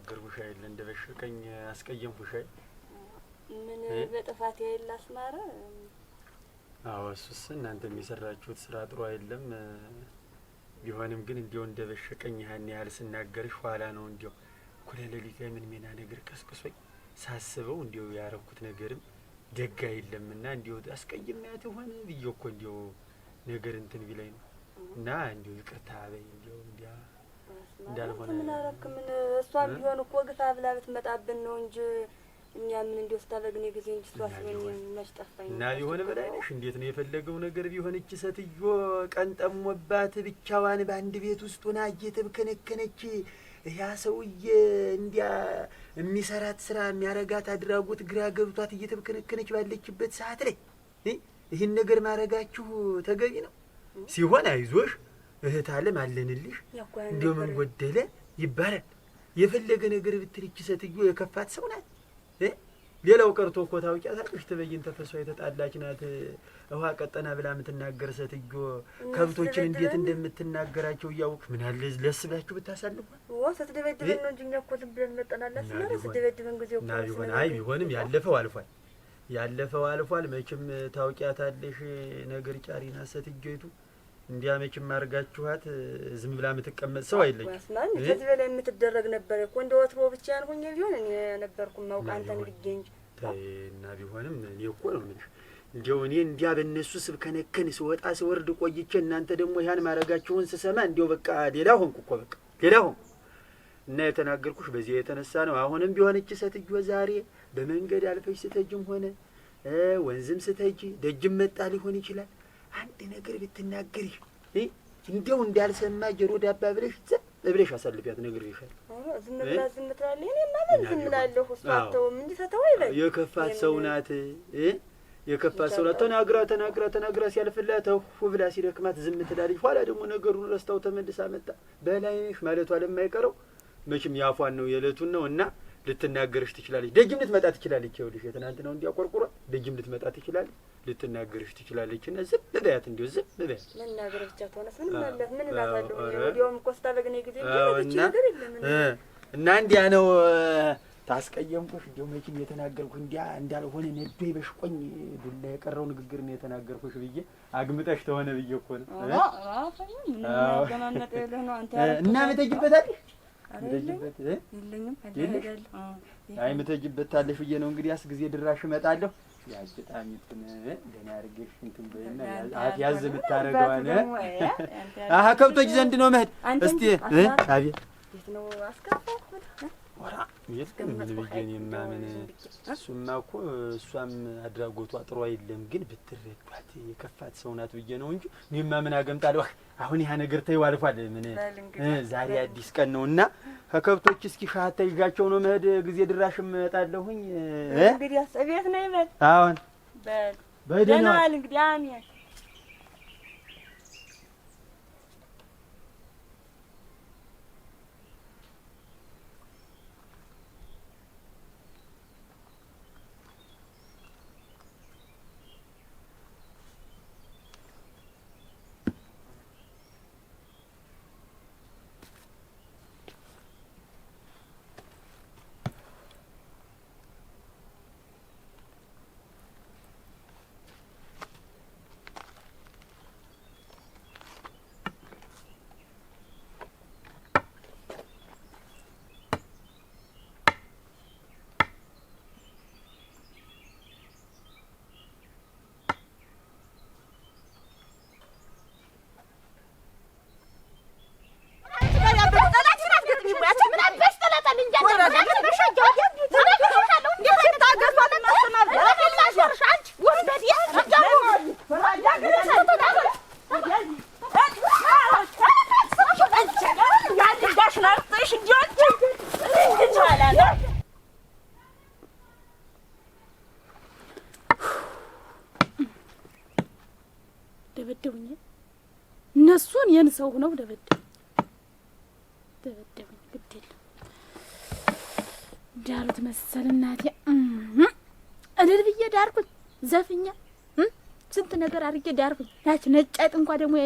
የተናገርኩሽ አይደል? እንደ በሸቀኝ አስቀየምኩሽ አይደል? ምን በጥፋት ያይል አስማረ? አዎ እሱስ እናንተም የሰራችሁት ስራ ጥሩ አይደለም። ቢሆንም ግን እንዲያው እንደ በሸቀኝ ያን ያህል ስናገርሽ ኋላ ነው እንዲያው እኩለ ሌሊት ላይ ምን ሜና ነገር ቀስቅሶኝ ሳስበው እንዲያው ያረኩት ነገርም ደግ አይደለምና እንዲያው አስቀይሜያት ሆነ ብዬ እኮ እንዲያው ነገር እንትን ቢለኝ ነው እና እንዲያው ይቅርታ በይ እንዲያው እንዲያ እንዳልሆነ ምን አረክ ምን እሷም ቢሆን እኮ ግፋ ብላ ብትመጣብን ነው እንጂ እኛ ምን እንዲሁ ስታበግኔ ጊዜ እንጂ እሷ ስለሆነ መች ጠፋኝ። እና ቢሆን በላይነሽ እንዴት ነው የፈለገው ነገር ቢሆን እች ሴትዮ ቀን ጠሞባት ብቻዋን በአንድ ቤት ውስጥ ሆና እየተብከነከነች ያ ሰውዬ እንዲያ የሚሰራት ስራ የሚያረጋት አድራጎት ግራ ገብቷት እየተብከነከነች ባለችበት ሰዓት ላይ ይህን ነገር ማረጋችሁ ተገቢ ነው ሲሆን አይዞሽ እህት አለም አለንልሽ እንደው ምን ጎደለ ይባላል። የፈለገ ነገር ብትል ይቺ ሴትዮ የከፋት ሰው ናት። ሌላው ቀርቶ እኮ ታውቂያታለሽ፣ ትበይን ተፈሷ የተጣላች ናት። ውሃ ቀጠና ብላ የምትናገር ሴትዮ ከብቶችን እንዴት እንደምትናገራቸው እያውቅ ምን አለ ለስብላችሁ ብታሳልፉ። ስትደበድበን ነው እንጂ እኛ እኮ ዝም ብለን መጠናላት ስትደበድበን ጊዜ ቢሆን አይ ቢሆንም ያለፈው አልፏል፣ ያለፈው አልፏል። መቼም ታውቂያታለሽ ነገር ጫሪ ናት ሴትዮይቱ እንዲያመች ማርጋችኋት ዝም ብላ የምትቀመጥ ሰው አይለኝ። ከዚህ በላይ የምትደረግ ነበር እኮ እንደ ወትሮ ብቻ ያልሆኝ ቢሆን እኔ ነበርኩ ማውቅ አንተን ልጌ እንጂ እና ቢሆንም እኔ እኮ ነው ምን እንዲያው እኔ እንዲያ በእነሱ ከነከን ስወጣ ስወርድ ቆይቼ እናንተ ደግሞ ያን ማረጋችሁን ስሰማ እንዲያው በቃ ሌላ ሆንኩ እኮ በቃ ሌላ ሆንኩ። እና የተናገርኩሽ በዚህ የተነሳ ነው። አሁንም ቢሆን እች ሴትዮ ዛሬ በመንገድ አልፈሽ ስተጅም ሆነ ወንዝም ስተጂ ደጅም መጣ ሊሆን ይችላል አንድ ነገር ብትናገሪ እንዲያው እንዳልሰማ ጀሮ ዳባ ብለሽ ዝም ብለሽ አሳልፊያት። ነግሬሻለሁ። ዝም ብላ ዝም ትላለች። እኔማ በል ዝም ብላለሁ። እሱ አተውም እንዲህ ሰተው ይበል። የከፋት ሰው ናት የከፋት ሰው ናት። ተናግራ ተናግራ ተናግራ ሲያልፍላት ብላ ሲደክማት ዝም ትላለች። ኋላ ደግሞ ነገሩን ረስታው ተመልሳ መጣ በላይሽ ማለቷ ለማይቀረው መቼም ያፏን ነው የዕለቱን ነው እና ልትናገርሽ ትችላለች። ደጅም ልትመጣ ትችላለች። ይኸውልሽ የትናንትናው እንዲያቆርቁሯ ደጅም ልትመጣ ትችላለች። ልትናገርሽ ትችላለች ና ዝም በያት፣ እንዲሁ ዝም በያት። መናገር ብቻ ተሆነስ ምን ማለት ምን እላታለሁ? ወዲያውም እኮ ስታለቅኔ ጊዜ ነገር የለም እና እንዲያ ነው ታስቀየምኩሽ እንዲሁ መቼም የተናገርኩ እንዲያ እንዳልሆነ ነዶ በሽቆኝ ዱላ የቀረው ንግግር ነው የተናገርኩሽ ብዬ አግምጠሽ ተሆነ ብዬ እኮ ነው እና መተጅበታለሽ አይ መተጅበታለሽ ብዬ ነው እንግዲህ ያስ ጊዜ ድራሽ እመጣለሁ ያዝ ጣሚቱን ደህና አድርገሽ ያዝ የምታደርገዋን ከብቶች ዘንድ ነው መሄድ። እስቲ አቤት የለም ልብዬን የማምን እሱማ እኮ እሷም አድራጎቷ ጥሩ አይደለም፣ ግን ብትረዷት የከፋት ሰው ናት ብዬ ነው እንጂ እኔማ ምን አገምጣለሁ። አሁን ያ ነገር ተይው አልፏል። ምን ዛሬ አዲስ ቀን ነው እና ከከብቶች እስኪ ሻህ ተይዣቸው ነው መሄድ ጊዜ ድራሽ እመጣለሁኝ። እንግዲህ ቤት ነው ይበል። አሁን በል በደህና ዋል እንግዲህ አሜን ሰው ሆነው ደበደቡኝ ደበደቡኝ። ግድ የለም ዳሩት መሰል እናቴ እልል ብዬ ዳርኩኝ። ዘፍኛ ስንት ነገር አድርጌ ዳርኩኝ። ያች ነጫይጥ እንኳ ደግሞ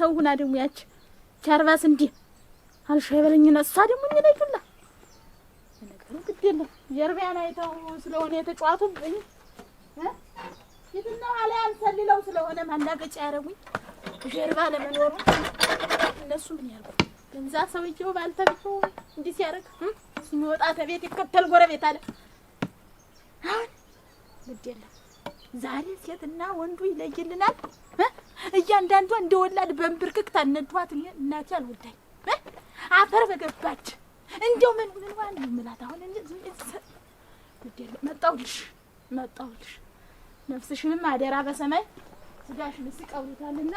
ሰው ሁና ደግሞ ያች ቻርባስ እንዲህ አልሻ ይበለኝና እሷ ደግሞ እኔ ላይ ዱላ ነገሩ ግድ የለም የእርቢያን አይተው ስለሆነ የተጫዋቱብኝ የትና አለ ያልሰልለው ስለሆነ ማላገጫ ያረጉኝ ጀርባ ለመኖሩ እነሱ ምን ያልኩ እንዛ ሰውዬው ባልተብቶ እንዲህ ሲያደርግ ሲወጣ ተቤት ይከተል ጎረቤት አለ። አሁን ግድ የለም ዛሬ ሴትና ወንዱ ይለይልናል። እያንዳንዷ ወላድ በንብርክክ ታነዷት። እናቴ አልወዳኝ አፈር በገባች እንደው ምን ምን ዋን ምላት አሁን ግድ የለም መጣሁልሽ፣ መጣሁልሽ ነፍስሽንም አደራ በሰማይ ስጋሽን እስቀውታልና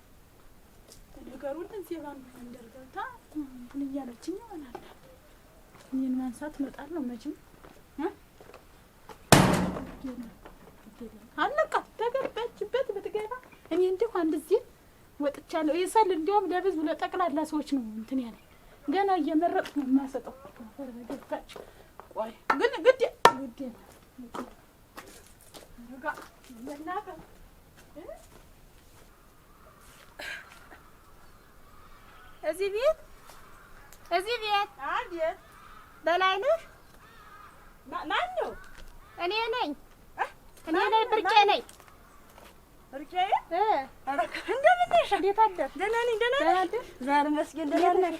ነገሩን እዚህ ባንዱ መንደር ገብታ እንትን እያለችኝ ይሆናል። ይህን ማንሳት እመጣለሁ መቼም አለቃ ተገባችበት ብትገባ እኔ እንዲሁ አንድ ወጥቻለሁ። የሰል እንዲሁም ለብዙ ለጠቅላላ ሰዎች ነው እንትን ያለ ገና እየመረጥኩ ነው የማሰጠው። ገባች ቆይ ግን ግድ ግድ እዚህ ቤት እዚህ ቤት አቤት። በላይነሽ ማን ነው? እኔ ነኝ እኔ ነኝ ብርቄ ነኝ። ብርቄ እንደምን ነሽ? እንዴት አደርሽ? ደህና ነኝ። ደህና ነሽ? ዛሬ መስገን ደህና ነሽ?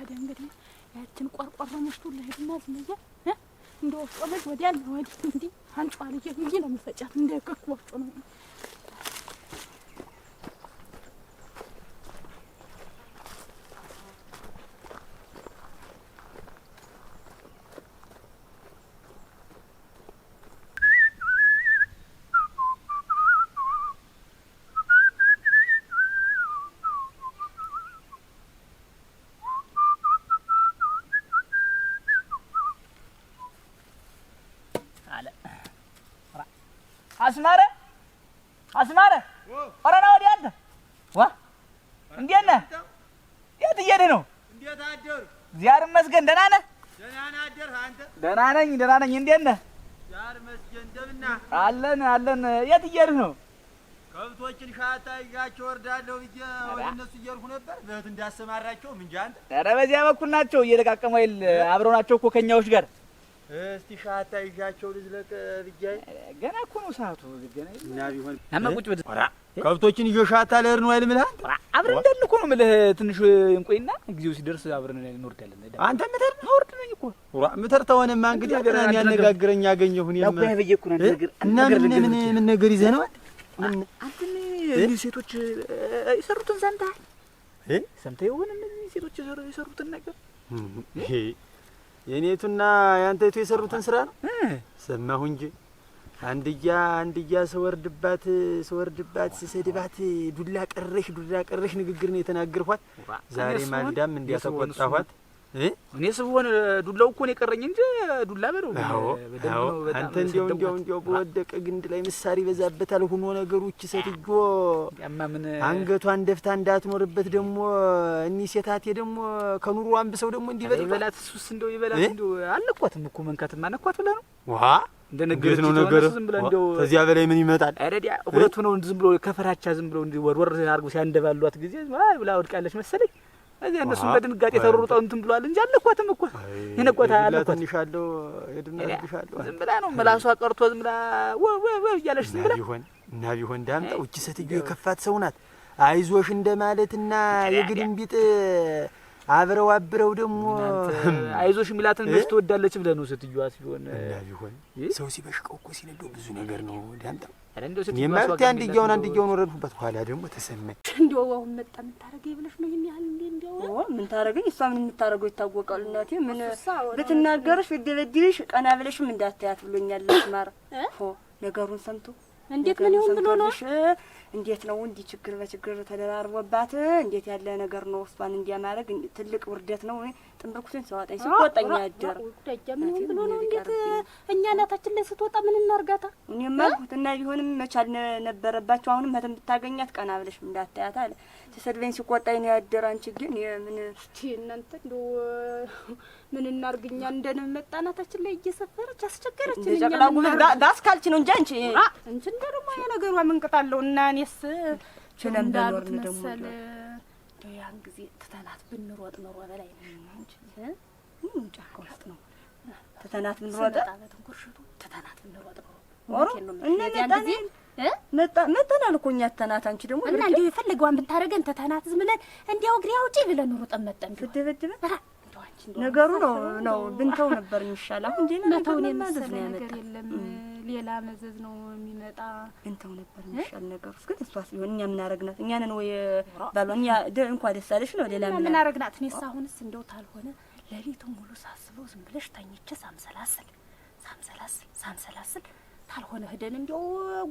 ሄደ። እንግዲህ ያችን ቆርቆሮ ምሽቱ ልሄድና ዝምዬ እንደ ወፍጮ ልጅ ወዲያ ወዲህ እንዲህ አንጫዋ እንዲህ ነው የምፈጫት እንደ ከኩ ወፍጮ ነው ደህና ነኝ፣ ደህና ነኝ። እንዴት ነህ? ዳር መስገን እንደምና አለን አለን። የት እየሄድህ ነው? ከብቶችን ሻታ ይዣቸው ወርዳለሁ ብዬ ወደ እነሱ እየሄድኩ ነበር። በእህት እንዳሰማራቸው እንጂ አንተ። ኧረ በዚያ በኩል ናቸው እየለቃቀሙ አይደል? አብረው ናቸው እኮ ከእኛዎች ጋር። እስቲ ሻታ ይዣቸው ልዝለቅ ብዬ ገና እኮ ነው ሰዓቱ። ገና እና ቢሆን አማ ቁጭ ብለህ ከብቶችን እየሻታ ልሄድ ነው አይልም እልሀል። አብረን እንዳለ እኮ ነው ምልህ። ትንሽ እንቆይና ጊዜው ሲደርስ አብረን እንወርዳለን። አንተ ምተር ወርድ ነኝ እኮ ምተር ተሆነማ እንግዲህ ገናን ያነጋግረኝ ያገኘሁ እና ምን ምን ነገር ይዘህ ነው አንተ እነዚህ ሴቶች የሰሩትን ሰምተሃል? ሰምተህ የሆነ እነዚህ ሴቶች የሰሩትን ነገር የኔቱና ያንተቱ የሰሩትን ስራ ነው ሰማሁ እንጂ አንድያ አንድያ ስወርድባት ስወርድባት ስሰድባት ዱላ ቀረሽ ዱላ ቀረሽ ንግግር ነው የተናገርኋት። ዛሬ ማንዳም እንዲያተቆጣኋት እኔ ስሆን ዱላው እኮ ነው የቀረኝ እንጂ ዱላ በለው። አዎ አንተ እንዲያው እንዲያው እንዲያው በወደቀ ግንድ ላይ ምሳሪ በዛበታል ሁኖ ነገሮች ሴትዮ አንገቷን ደፍታ እንዳትኖርበት ደግሞ እኒህ ሴታቴ ደግሞ ከኑሮ አንብሰው ደግሞ እንዲበላት ይበላት እሱስ እንደው ይበላት እንደው አልነኳትም እኮ መንካትም አነኳት ብለህ ነው ዋ እንደነገረች ነው ነገር ከዚያ በላይ ምን ይመጣል? አረዲያ ሁለቱ ነው ዝም ብሎ ከፈራቻ ዝም ብሎ እንዲ ወርወር አድርጎ ሲያንደባሏት ጊዜ ማይ ብላ ወድቃለች መሰለኝ። እዚያ እነሱ በድንጋጤ ተሮሩጠው እንትን ብሏል እንጂ አለኳትም እኮ የነቋታ አለኳት። ትንሻለሁ ሄድና ትንሻለሁ ዝም ብላ ነው መላሷ ቀርቶ ዝም ብላ ወ ወ እያለች ዝም ብላ ቢሆን እና ቢሆን ዳምጣው እቺ ሴትዮ የከፋት ሰው ናት። አይዞሽ እንደማለትና የግድም ቢጥ አብረው አብረው ደግሞ አይዞሽ የሚላትን መች ትወዳለች ብለህ ነው ስትዩዋ ሲሆን እና ቢሆን ሰው ሲበሽቀው እኮ ሲነዶ ብዙ ነገር ነው ዳምጣ ማለት አንድያውን አንድያውን ወረድኩበት በኋላ ደግሞ ተሰማኝ እንዲያው አሁን መጣ የምታረገኝ ብለሽ ነው ይህን ያህል እንዴ እንዲያው ምን ታረገኝ እሷ ምን የምታረገው ይታወቃል እናቴ ምን ብትናገርሽ ብትደበድልሽ ቀና ብለሽም እንዳታያት ብሎኛል ማር ነገሩን ሰምቶ እንዴት ምን ይሁን ብሎ ነው እንዴት ነው እንዲህ ችግር በችግር ተደራርቦባት እንዴት ያለ ነገር ነው? እሷን እንዲያ ማድረግ ትልቅ ውርደት ነው። ጥንበርኩትን ሲዋጣኝ ሲቆጣኝ ያደረ ምን ብሎ ነው? እንዴት እኛ እናታችን ላይ ስትወጣ ምን እናርጋታ? እኔ አልኩት እና ቢሆንም መቻል ነበረባቸው። አሁንም መተን ብታገኛት ቀና ብለሽ እንዳታያት አለ። ሲሰድበኝ ሲቆጣኝ ነው ያደረ። አንቺ ግን ምን እስቲ እናንተ እንደው ምን እናርግኛ? እንደንም መጣ እናታችን ላይ እየሰፈረች አስቸገረች። ዳስ ካልች ነው እንጂ አንቺ አንቺ እንደ ደግሞ የነገሯ ምን ቅጣለሁ እና እኔስ ችለን በኖርን ደሞ ያን ጊዜ ትተናት ብንሮጥ ኖሮ በላይ ጫት ነው። ትተናት ብንሮጥ ትተናት ብንሮጥ መጣናል እኮ እኛ ትተናት። አንቺ ደግሞ እና እንዲሁ የፈለገዋን ብታደርገን ተተናት ዝም ብለን እንዲያው እግሬ አውጪ ብለን ሩጠን መጠን ብትደበድበን ነገሩ ነው ነው ብንተው ነበር የሚሻል። አሁን መተውን ዜና ነገር የለም ሌላ መዘዝ ነው የሚመጣ። እንተው ነበር የሚሻል ነገር ግን እሷስ ቢሆን እኛ ምን አረግናት? እኛ ነን ወይ ባሏን? እኛ እንኳ ደስ አለሽ ነው ሌላ ምን አረግናት? እኔስ አሁንስ እንደው ታልሆነ ሌሊቱን ሙሉ ሳስበው ዝም ብለሽ ተኝቼ ሳምሰላስል ሳምሰላስል ሳምሰላስል ታልሆነ ህደን እንዲያው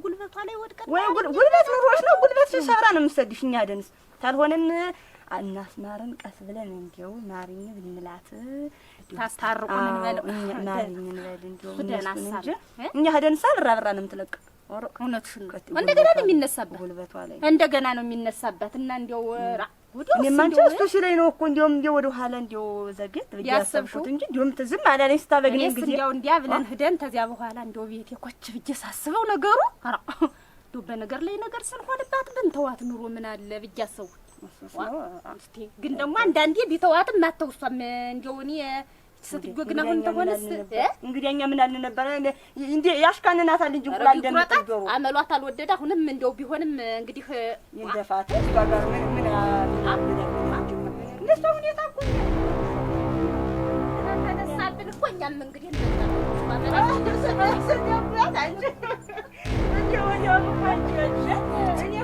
ጉልበቷ ላይ ወድቀን ወይ ጉልበት ኑሮሽ ነው ጉልበት ሲሰራ ነው የምሰድሽ እኛ ደንስ ታልሆነን እናስማርን ቀስ ብለን እንዲው ማሪኝ ብንላት ታስታርቁ ምን በለው እንበል እንዲው ነው ነው። እንደገና ነው የሚነሳበት ጉልበቷ ላይ እንደገና ነው እና እንዲው እኔማ እሱ ሲለኝ ነው እኮ እንዲያውም እንዲያው ወደ ኋላ እንዲያው ዘግየት ብዬሽ ያሰብኩት እንጂ እንዲያውም ትዝም አላለኝ ነው ጊዜ እንዲያው እንዲያ ብለን ሂደን ተዚያ በኋላ እንዲያው ቤቴ ኮች ብዬ ሳስበው ነገሩ ኧረ እንዲያው በነገር ላይ ነገር ስንሆንባት ብንተዋት ኑሮ ምን አለ ብዬሽ አሰብኩት። ግን ደግሞ አንዳንዴ ቢተዋትም አተውሷም እንደው እኔ ስትጎ ግን አሁን ተሆነስ እንግዲህ እኛ ምን አልን ነበረ እንዴ ያሽካንናታል እንጂ እንቁላል እንደምትገሩ አመሏት አልወደደ አሁንም እንደው ቢሆንም እንግዲህ ይንደፋት ይባጋር ምን ምን ለሷ ሁኔታ እኮ ተነሳብን እኮ እኛም እንግዲህ እንደዛ ነው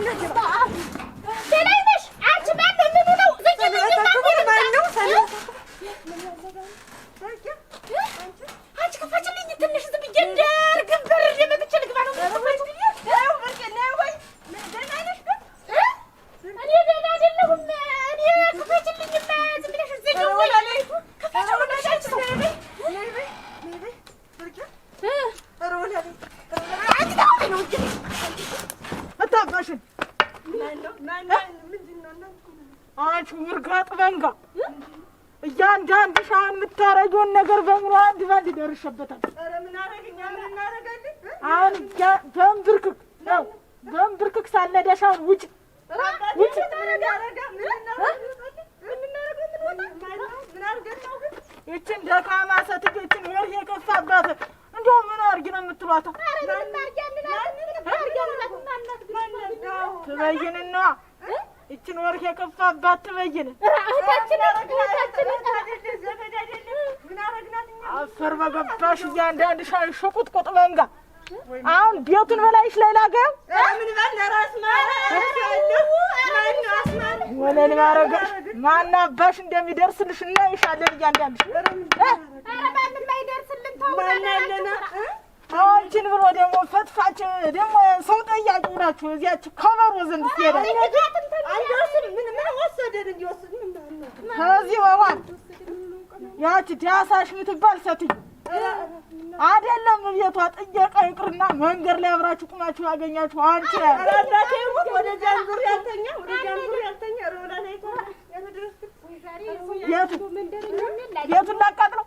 别乱报啊！别来。ሴቶችም ደካማ ሴቶችም ይሄ የከፋባት እንደው ምን አድርጊ ነው የምትሏት? ትበይን ነዋ ይችን ወርቅ የከፋባት ትበይን። አፈር በገባሽ እያንዳንድ ሻይ ሽቁጥ ቁጥ መንጋ አሁን ቤቱን በላይሽ ላይ ላገም ወለል ማረገሽ ማናባሽ እንደሚደርስልሽ እናይሻለን። እያንዳንድሽ ታዎችን ብሎ ደግሞ ፈትፋች ደግሞ ሰው ጠያቂ ናችሁ። እዚያች ከበሮ ዘንድ ትሄዳለህ። ከዚህ ወዋል ያች ዳሳሽ ምትባል ሴትዮ አይደለም ቤቷ ጥየቃ ይቅርና መንገድ ላይ አብራችሁ ቁማችሁ ያገኛችሁ አንቺ የቱን ላቃጥለው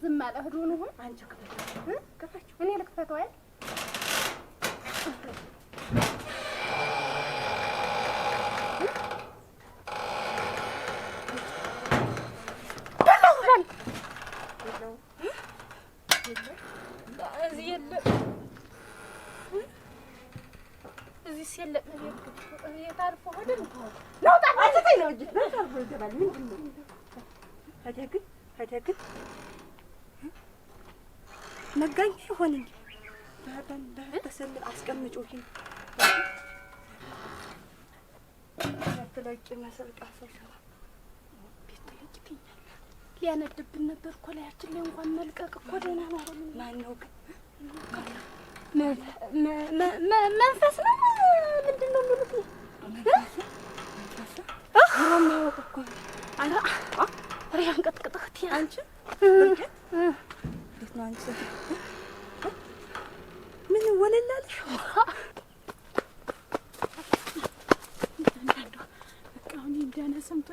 ዝም አለ ህዶ ነው አንቺ ይገባል። ምንድን ነው ታዲያ ግን ታዲያ ግን መጋኛ ይሆን እንዴ? ባህርዳር ባህር ተሰልል አስቀምጮ ይሄ ያፍላጭ መሰልቃ ሰው ቤት ተለቅትኛል። ሊያነድብን ነበር እኮ ላያችን ላይ እንኳን መልቀቅ እኮ ደህና ነው። ማን ነው ግን መንፈስ ነው ምንድን ነው የሚሉት ሰምቶ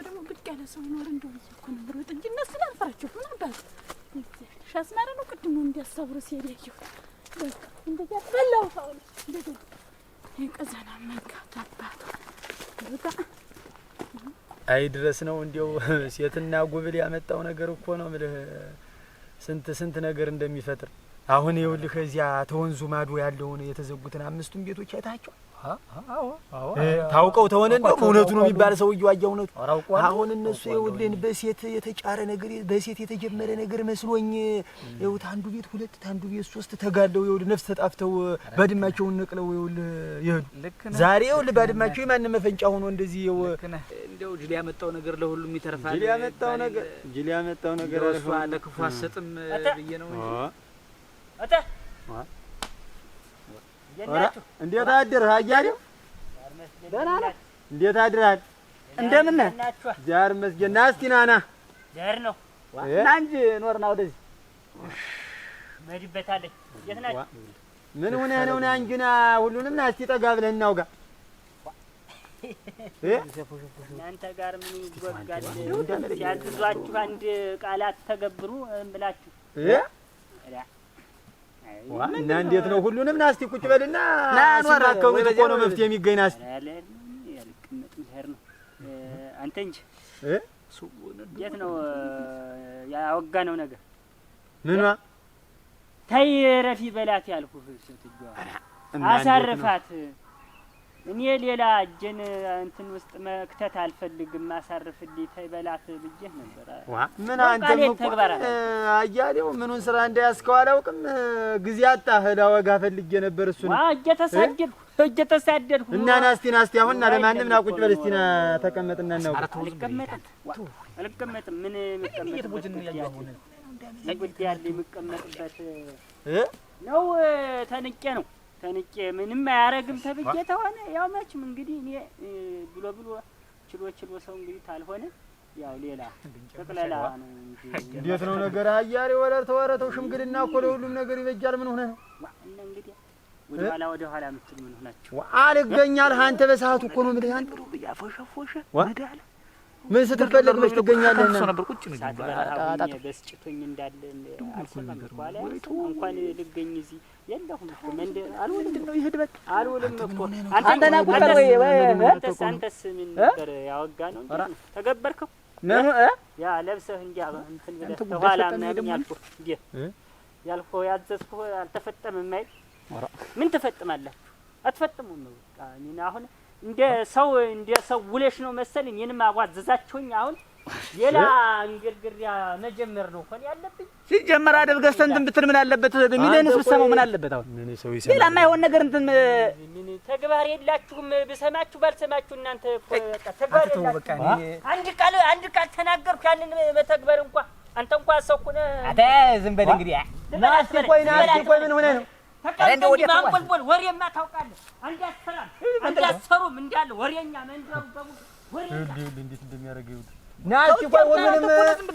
ደግሞ ብቅ ያለ ሰው ኖር እንደው እኮ ነው ብሎ ጥንጅነት ስላልፈራችሁ ምን አባት አስመራ ነው ቅድሙ እንዲያሳብሮ ሲሄድ ያየሁ በላው ሰው ልጅ እንደዚህ ቀዘና መንካት አባቱ አይ ድረስ ነው እንዲው ሴትና ጉብል ያመጣው ነገር እኮ ነው ምልህ ስንት ስንት ነገር እንደሚፈጥር አሁን ይኸውልህ እዚያ ተወንዙ ማዶ ያለውን የተዘጉትን አምስቱን ቤቶች አይታቸው ታውቀው ተሆነ እንደውም እውነቱ ነው የሚባል ሰውዬው አየህ፣ እውነቱ አሁን እነሱ ይኸውልህን በሴት የተጫረ ነገር በሴት የተጀመረ ነገር መስሎኝ ይኸውልህ አንዱ ቤት ሁለት አንዱ ቤት ሶስት ተጋለው ይኸውልህ ነፍስ ተጣፍተው ባድማቸውን ነቅለው ይኸውልህ ይሄዱ። ዛሬ ይኸውልህ ባድማቸው የማንም መፈንጫ ሆኖ እንደዚህ እንደው ጅል ያመጣው ነገር ለሁሉም ይተርፋል። ጅል ያመጣው ነገር ጅል ያመጣው ነገር ለክፉ አትሰጥም ብዬ ነው እንጂ እንዴት አደርህ? አያሌው ደህና ነህ? እንዴት አድርሃል? እንደምን ነህ? ዛር መስገና እስኪ ና ና ደህር ነው እና እንጂ ኖርና ወደዚህ መድበታለች። እንዴት ናችሁ? ምን ሆነህ ነው? ና እንጂ ና ሁሉንም ና እስኪ ጠጋ ብለህ እናውጋ። እናንተ ጋር ምን ይወጋል? ሲያግዟችሁ አንድ ቃላት ተገብሩ እምላችሁ እና እንዴት ነው ሁሉንም ናስቲ ቁጭ በልና ሲማከሩ እኮ ነው መፍትሄ የሚገኝ። ናስቲ አንተ እንጂ እንዴት ነው ያወጋ ነው ነገር ምኗ ተይ ረፊ በላት ያልኩህ አሳርፋት እኔ ሌላ እጄን እንትን ውስጥ መክተት አልፈልግም። አሳርፍልኝ ተይ በላት ብዬሽ ነበር። ምን አንተ እኮ አያሌው ምኑን ስራ እንዳያስከው አላውቅም። ጊዜ አጣህ። ላወጋ ፈልጌ ነበር። እሱን እየተሳደድኩ እየተሳደድኩ እና ና እስቲ ና እስቲ አሁን ና፣ ለማንም ና፣ ቁጭ በል እስቲ ና፣ ተቀመጥና ነው አልቀመጥም አልቀመጥም። ምን የምቀመጥበት ጉዳይ አለ የምቀመጥበት ነው። ተንቄ ነው ተንቄ ምንም አያረግም ተብዬ ተሆነ ያው መችም እንግዲህ እኔ ብሎ ብሎ ችሎ ችሎ ሰው እንግዲህ ታልሆነ ያው ሌላ ጠቅለላ ነው። እንዴት ነው ነገር አያሬ ወለር ተወረተው ሽምግልና እኮ ለሁሉም ነገር ይበጃል። ምን ሆነ ነው እና እንግዲህ ወደ ኋላ ወደ ኋላ የምትል ምን ሆናችሁ አልገኛል። አንተ በሰዓቱ እኮ ነው የምልህ አንተ ብያፈሸፎሸ ወዳለ ምን ስትፈልግ መች ትገኛለህ? ነበር ቁጭ በስጭቶኝ እንዳለ አልሰማም እኮ እንኳን ልገኝ እዚህ የለሁም እኮ ነው ይሄድ በቃ እኮ አንተ ና ወይ አንተስ አንተስ ምን ነበር ያወጋ ነው ተገበርከው ያ ለብሰህ እንትን ብለህ ምናምን እንዴ አልተፈጠምም ምን አትፈጥሙም በቃ አሁን እንደ ሰው እንደ ሰው ውለሽ ነው መሰልኝ። እኔንም አቧዘዛችሁኝ። አሁን ሌላ እንግርግሪያ መጀመር ነው እኮ ያለብኝ። ሲጀመር አደብ ገዝተህ እንትን ብትል ምን አለበት? ሚሊዮንስ ብትሰማው ምን አለበት? አሁን ምን ሰው ሌላ የማይሆን ነገር እንትን ተግባር የላችሁም። ብሰማችሁ ባልሰማችሁ እናንተ ተግባር የላችሁም። አንድ ቃል አንድ ቃል ተናገርኩ ያንን መተግበር እንኳ አንተ እንኳ ሰው እኮ አታ ዝም በል እንግዲህ ቆይ ቆይ ምን ሆነ ነው ተቀምጠህ እንዲህ ማንቆልቆል ወሬማ ታውቃለህ። እንዳትሰራም እንዳትሰሩም እንዳለ ወሬኛ መንደሩ በሙሉ ወሬኛ እንዴት እንደሚያደርገው ናቲ ቆይ ወምንም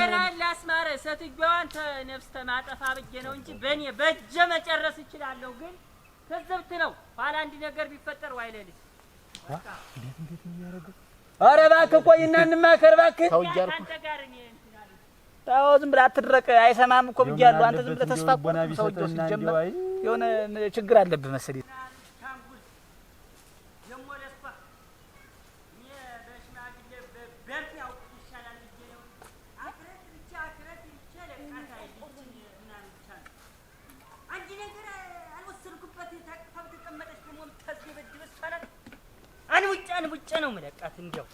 ገና ላስማረ ሴትዮዋን ተነፍስ ተማጠፋ ብዬ ነው እንጂ በእኔ በእጀ መጨረስ እችላለሁ። ግን ከዘብት ነው ኋላ አንድ ነገር ቢፈጠር ዋይለልኝ። እንዴት እንዴት ነው ኧረ እባክህ ቆይ እና እንማከር እባክህ። ተው እያልኩህ አንተ ጋር እኔ አዎ ዝም ብለህ አትድረቅ፣ አይሰማም እኮ ብያለሁ። አንተ ዝም ብለህ ተስፋ ቆና ቢሰጠው ሲጀመር የሆነ ችግር አለብህ መሰለኝ። አንቡጫ አንቡጫ ነው የምለቃት እንዲያው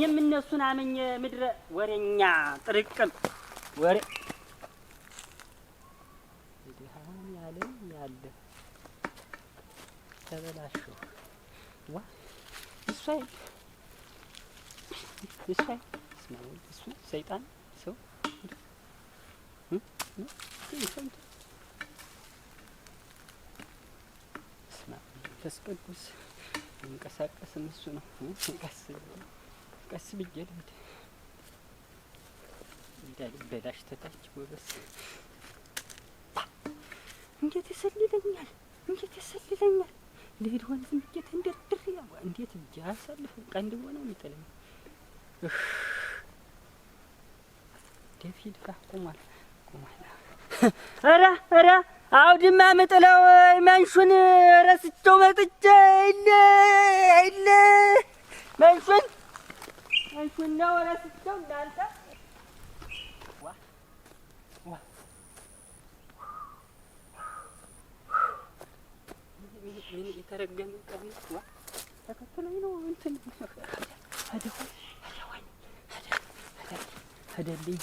የምነሱን አመኘ ምድረ ወሬኛ ጥርቅም ወሬ ድሃን ያለም ያለ ዋ እሷይ እሷይ እሱ ሰይጣን ሰው እንቀሳቀስ እነሱ ነው ቀስ ቀስ ብዬ ልምድ እንዳልበላሽ ተታች ጎበስ እንዴት ይሰልለኛል፣ እንዴት ይሰልለኛል። ልሂድ ወንዝም ብዬ ተንደርድሬ ያው እንዴት ብዬ ቀንድ ሆነ የሚጥለኝ ደፊ ድፋ ቁሟል፣ ቁሟል። ኧረ ኧረ አውድማ ምጥለው መንሹን ረስቸው መጥቼ የለ የለ መንሹን እንትና ወረስቸው እንዳንተ ተከትሎኝ ነው እንትን ሄደልኝ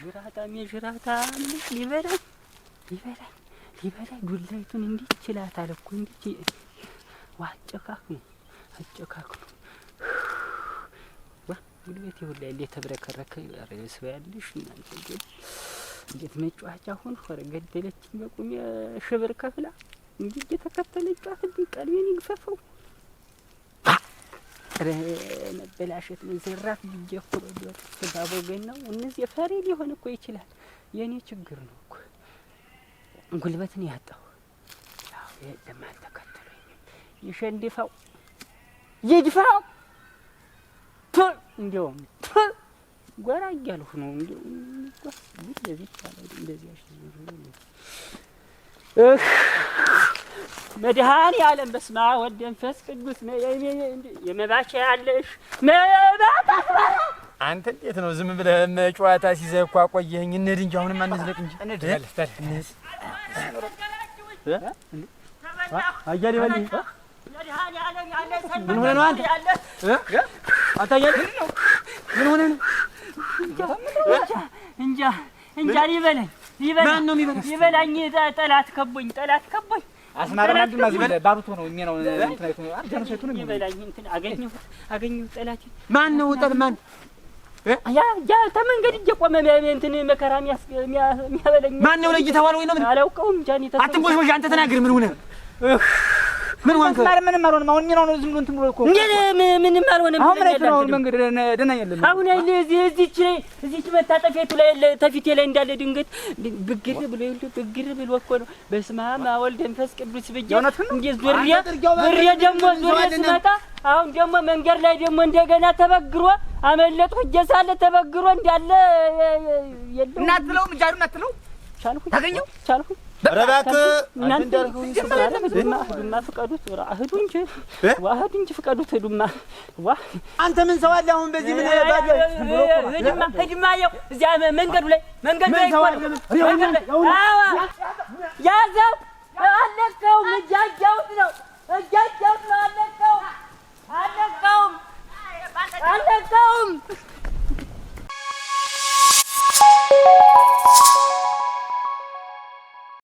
ጅራታም የጅራታም ሊበላኝ ሊበላኝ ሊበላኝ ዱላይቱን እንዲህ ይችላታል እኮ እንዲህ አጨካክኑ አጨካክኑ ጉልበት ሁላ የተብረከረከ ያለሽ እናንተ ግን እንዴት ሆን ሆረ በቁም ሽብር ከፍላ እንጂ እየተከተለ ቀልቤን ይግፈፈው መበላሸት ዘራፍ ብዬ ኮሎዶር ስጋቦ ገን ነው እነዚህ ፈሪ ሊሆን እኮ ይችላል። የእኔ ችግር ነው እኮ ጉልበትን ያጣው ያው ይሸንድፈው ይድፋው ቱል እንዲያውም ቱል ጓራ እያልሁ ነው። እንደዚህ ይቻላል። እንደዚህ እህ መድኃኔ ዓለም በስመ አብ ወወልድ ወመንፈስ ቅዱስ የመባቻ ያለሽ መባታ አንተ እንዴት ነው ዝም ብለህ ጨዋታ ሲዘህ እኮ አቆየኸኝ። እንሂድ እንጂ አሁንም አንዝለቅ እንጂ እንሂድ ምን ሆነ ነው አንተ? አታየኝ? ምን ሆነ ነው? እንጃ እንጃ ሊበላኝ ሊበላኝ ጠላት ከቦኝ ጠላት ከቦኝ አስማረባብቶ ነው የሚለው ነው ይበላኝ እንትን አገኘሁት አገኘሁት ጠላት ማን ነው ጠል ማን ያ ተመንገድ እየቆመ እንትን መከራ የሚያበላኝ ማን ነው ለይተኸዋል ወይ ነው ምን አላውቀውም አንተ ተናገር ምን ሆነ ምን ወንከ ማለት ምንም አልሆነም። አሁን የሚለው ነው ዝም ብሎ እንትን ብሎ እኮ እንዴ ምንም አልሆነም። አሁን ላይ ነው መንገድ ደህና አይደለም። አሁን ላይ እዚህ እዚች ላይ እዚች መታጠፊያቱ ላይ ያለ ተፊቴ ላይ እንዳለ ድንገት ብግር ብሎ ይሉ ብግር ብሎ እኮ ነው። በስመ አብ ወልድ መንፈስ ቅዱስ ብዬ እንዴ ዙሪያ ዙሪያ ደግሞ ዙሪያ ስመጣ አሁን ደግሞ መንገድ ላይ ደግሞ እንደገና ተበግሮ አመለጥኩ እየሳለ ተበግሮ እንዳለ የለም። እናትለው ምጃሩ እናትለው ቻልኩኝ ታገኘው ቻልኩኝ እባክህ እናንተና ፍቀዱት አህዱ እንጂ አህዱ እንጂ ፍቀዱት። ሂዱማ አንተ ምን ሰው አለ አሁን በዚህ ምን መንገዱ ላይ መንገዱ ላይ ያዘው አለቀውም። እጃጃውት ነው እጃጃውት ነው አለቀውም አለቀውም አለቀውም